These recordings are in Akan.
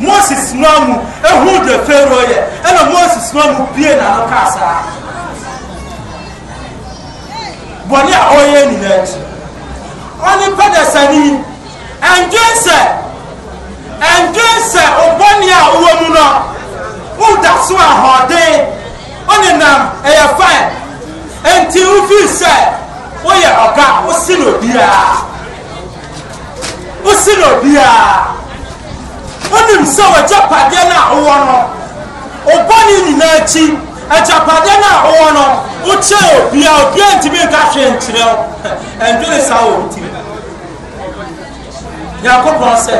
moses noa mu ehu de fero yɛ ɛna moses noa mu bie na no kaa saa bɔnne a ɔyɛ nyinaa akyi ɔne pɛdɛsani ɛndwe sɛ ɛndwe sɛ ɔbɔnne a ɔwɔ mu no ɔda so ahoɔden ɔne nam ɛyɛ eh, fain nti wofi sɛ woyɛ oh, ɔga wosi no biara wosi wonim sɛ w'agyapadeɛ no a wowɔ no wobɔne nyinaa akyi agyapadeɛ no a wowɔ no wokyerɛ obia obia ntumi nka hwee nkyerɛ wo ɛndwene saa wɔ wotiri nyankopɔn sɛ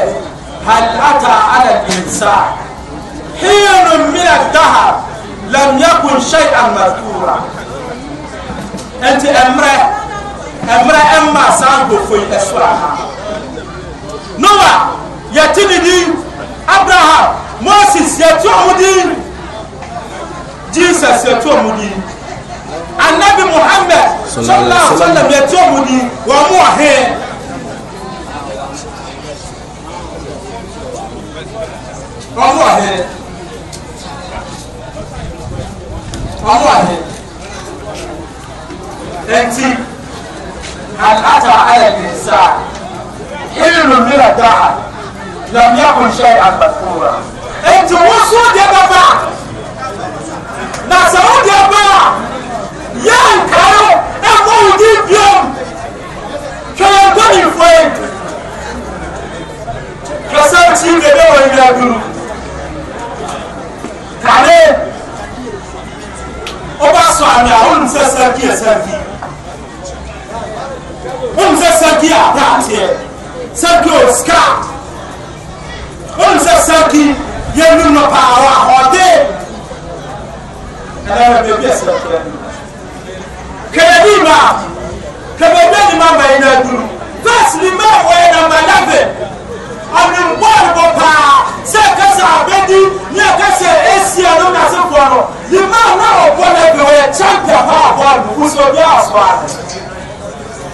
halata ata ala linsan hinun min adahab lam yakun shay'an madkura ɛnti ɛmmerɛ ɛmmerɛ ɛmma saa nkɔfoi ɛso aha noa yɛte ne din yɛtu ɔmo din jesus yɛtu ɔmo din anabi muhammed sallallahu alaihi wa sallam yɛtu ɔmo din wɔn mo ɔhe. wɔn mo ɔhe wɔn mo ɔhe ɛnti alata ayɛ ninsa irin mira daa lam yakun shay'an mafura eti you so deɛ bɛba na sɛ wɔn deɛ ba yɛ nkare ɛkɔ wɔn di biom twɛrɛ nkɔnifo yi kasa ti dede wɔn nyina duro kare ɔba so ami a wɔn nsa saki yɛ saki wɔn nsa saki yɛ ataateɛ yɛnum no paa wɔ ahɔde ɛnɛma baabi ɛsɛ kra kɛbɛbi ma kɛbɛbi anim ama yɛ no aduru vers nima wɔyɛ namba 11 ɔnem bɔɔlbɔ paa sɛ ɛkasa abɛdi ne ɛkasa asia no nasefoɔ no nima na ɔbɔ no bi ɔyɛ champion hɔ a bɔɔlo wosɛ obi a ɔsoa no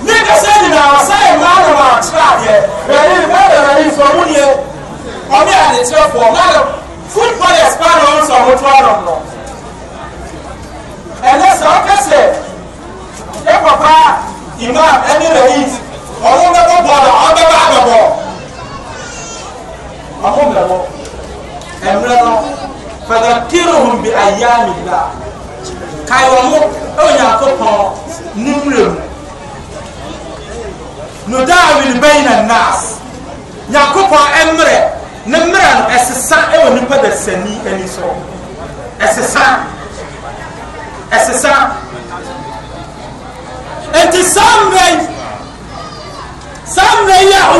ne kasa nyinaa ɔsa yɛ mmaa no ma ɔkyerɛ adeɛ wɛne mɛdɛ wɛne mfɔmuneɛ ɔne adekyerɛfoɔ imam ɛne rais ɔno bɛkɔ bɔɔlɔ ɔbɛba abɛbɔ ɔmo mmerɛbɔ ɛmmerɛ no fadakirohum bi ayamila kae wɔ mo ɛwɔ nyankopɔn ne mmerɛ mu nodawil baina nas nyankopɔn ɛmmerɛ ne mmerɛ no ɛsesa ɛwɔ nipa da sani ani so ɛsesa ɛsesa some day, Yahweh